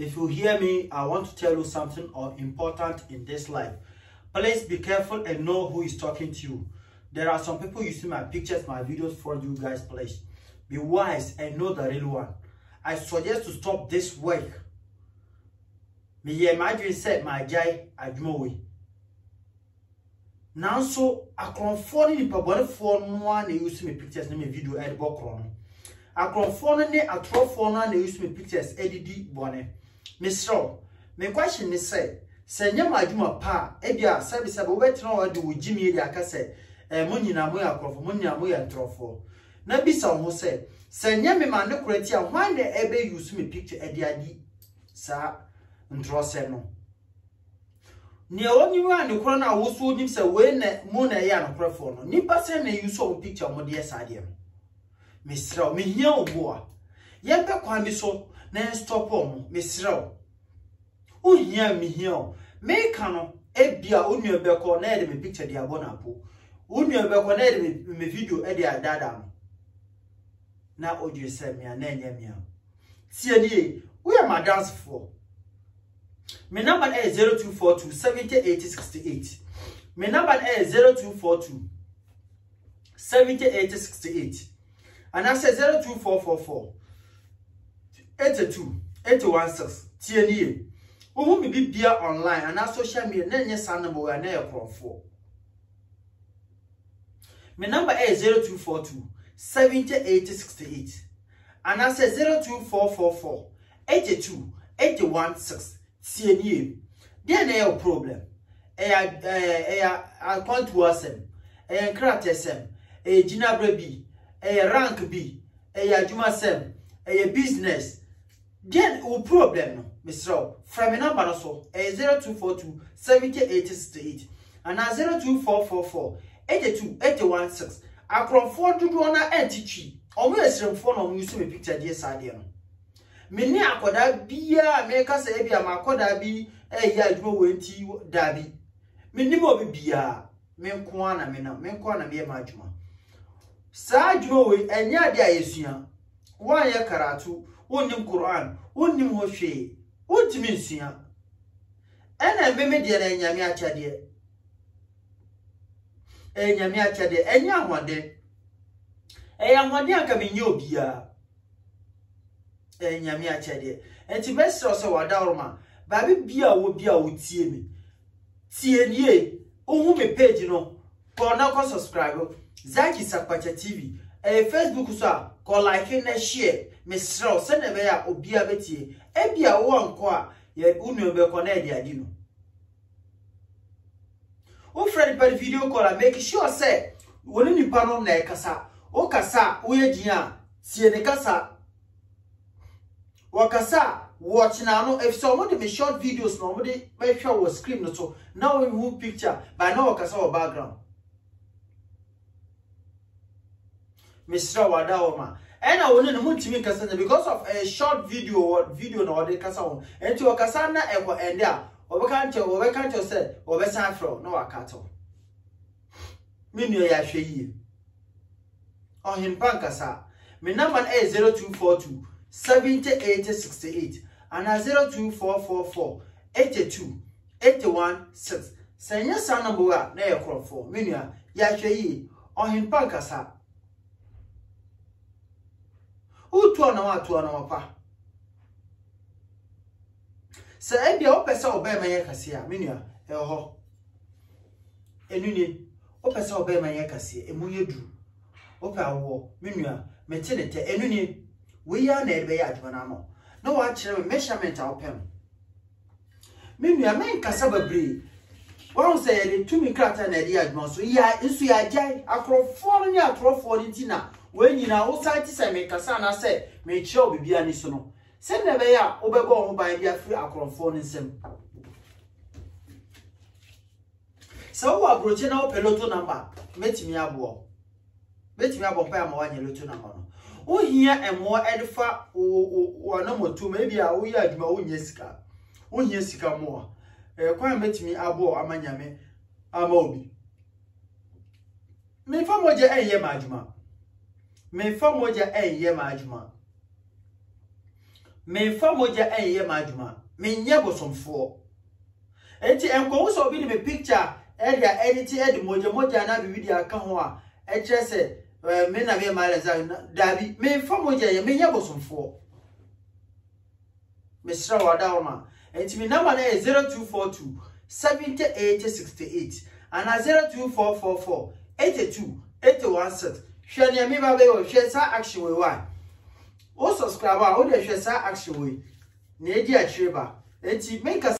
If you hear me, I want to tell you something or important in this life. Please be careful and know who is talking to you. There are some people you see my pictures, my videos for you guys, please. Be wise and know the real one. I suggest to stop this work. Me ye imagine said my jai adwumawe. Nanso akronfo ne nipa bɔnefo no one na use me pictures ne me video edbɔ kron. Akronfo ne atrofo no a na use me pictures edidi bɔne. mesrɛ me question ne sɛ sɛ nyɛ adwuma pa a ebia sɛbisɛ wobɛtena hɔ de wo gyimi aka sɛ eh, mo nyinaa moyɛ akorɔfoɔ mo nyinaa na bisa wo ho ma ne a hwan na ɛbɛyusu me picture adi no a ne na mu na ɛyɛ anokorɛfoɔ no picture de na nstɔpɔ ɔmo mesrɛ wo wohia mehia o meka no ebia wo nua bɛkɔ na yɛde me picture de abɔ n'apo wo nua bɛkɔ na yɛde me video de adaadaa no na odwe sɛ mea na ɛnyɛ mea tie nie woyɛ madansefoɔ me number no yɛ 0242 708068 me number no yɛ 0242 708068 anaasɛ 02444 82 816 tie ne yie wohu bi bibia online anaa social media na ɛnyɛ saa number wɔ a na ɛyɛ korɔmfoɔ me number ɛyɛ 0242 7868 anaasɛ 02444 82 816 tie ne yie deɛ na ɛyɛ problem E e ya ɛyɛ ɛyɛ akwantuo asɛm ɛyɛ nkrataa asɛm ɛyɛ gyinabere bi E rank bi ɛyɛ adwuma asɛm ɛyɛ business deɛ wo oh, problem no mesrɛ wo frɛ me namba no so ɛyɛ 0242 708068 anaa 02444 82816 akorɔmfoɔ dodoɔ no ɛnte twi ɔmo yɛ na ɔmo yi so me picture deɛ saa deɛ no mene akwadaa biara meka sɛ ebi ama akwadaa bi ɛyɛ adwuma wɔ nti bi menim obi biara me nko ara na menam me nko ara na meyɛ m'adwuma saa adwuma wɔ ɛnyɛ eh, adeɛ a yɛsua ya karatu wonnim qur'an wonnim hɔ hwee wontumi nsua ɛna mmeme deɛ no anyame akyɛdeɛ anyame akyɛdeɛ ɛnyɛ ahoɔden ɛyɛ ahoɔden anka menyɛ obiara ɛnyame akyɛdeɛ nti mɛsrɛ sɛ wɔadaworoma baabi bia a wɔ bia a wotie me tie nie wohu me page no kɔ na kɔ subscribe zaki tv ɛyɛ eh, facebook so a kɔ like na share mesrɛ sɛnea ɛbɛyɛ a obiara bɛtie ebi a wowɔ nkɔ a yɛ wo bɛkɔ na ɛde adi no wo nipa no video call a make sure sɛ wo nipa no na kasa a woyɛ a tie ne kasa wɔkasa a wɔkye na efisɛ wɔn de me short videos na wɔn de bɛhwɛ wɔ so na wɔn hu picture by na wɔkasa wɔ background. mesrɛ wɔ ada hɔ ma ɛna wɔn ne no ntumi nkasa na because of a short video video na wɔde kasa wɔn nti wɔkasa na ɛkɔ ɛnde a wɔbɛka nkyɛn wɔbɛka nkyɛn sɛ wɔbɛsan frɛ na wɔakatɔ me nua yɛ ahwɛ yie ɔhenpa nkasa me number no ɛyɛ zero two four two seventy eighty sixty eight ana zero two four four four eighty two eighty one six sɛ nyɛ saa number a na yɛ korɔfoɔ me nua yɛ ahwɛ yie ɔhenpa nkasa. wotoɔ na woatoɔ na wɔpa sɛ ebia wopɛ sɛ ɔbɛrima yɛ kɛseɛ a menua ɛwɔ hɔ ɛnu ni wopɛ sɛ ɔbɛrima yɛ kɛseɛ ɛmu yɛ duru wopɛ awoɔ menua mete ne tɛ ɛnu ni wei ya na ɛbɛyɛ adwuma n'ano na wɔakyerɛ me measurement a wopɛ no menua nkasa bebree wɔn sɛ yɛde tumi krataa na yɛde adwuma so yɛ nso yɛ agya akorɔfoɔ no ne atorɔfoɔ no ti na wɔn nyinaa wosan ti sɛ mekasa na sɛ mekyerɛ wo biribiara ne so no sɛnea ɛbɛyɛ a wobɛbɔ wɔn ho ban de afiri akorɔfoɔ no nsam sɛ wowɔ aburokye na wopɛ loto namba mɛtumi aboɔ mɛtumi abɔ mpae ama woanyɛ loto namba no wohia mmoa de fa wɔnom tu ma ebi a woyɛ adwuma wonyɛ sika wonyɛ sika mmoa Eh, kwan mɛtumi aboɔ ama nyame ama obi memfa mogya ɛnyɛ ma adwuma memfa mogya ɛnyɛ ma adwuma memfa mogya ɛnyɛ ma adwuma menyɛ bosomfoɔ eti nkɔwo sɛ obi de me pikcha ɛde a ɛde ti ɛde mogya mogya na biribi de aka ho a ɛkyerɛ sɛ eh, me na me ma ɛlɛza daabi memfa mogya yɛ menyɛ bosomfoɔ mesrɛ wɔ da nti me number no yɛ 0242 7868 ana 02444 82 817 hwɛ nea meba bɛyɛ wɔ hwɛ saa action wei wa wo oh, subscribe a oh, wode hwɛ saa action wei na ɛdi akyire ba nti menkasa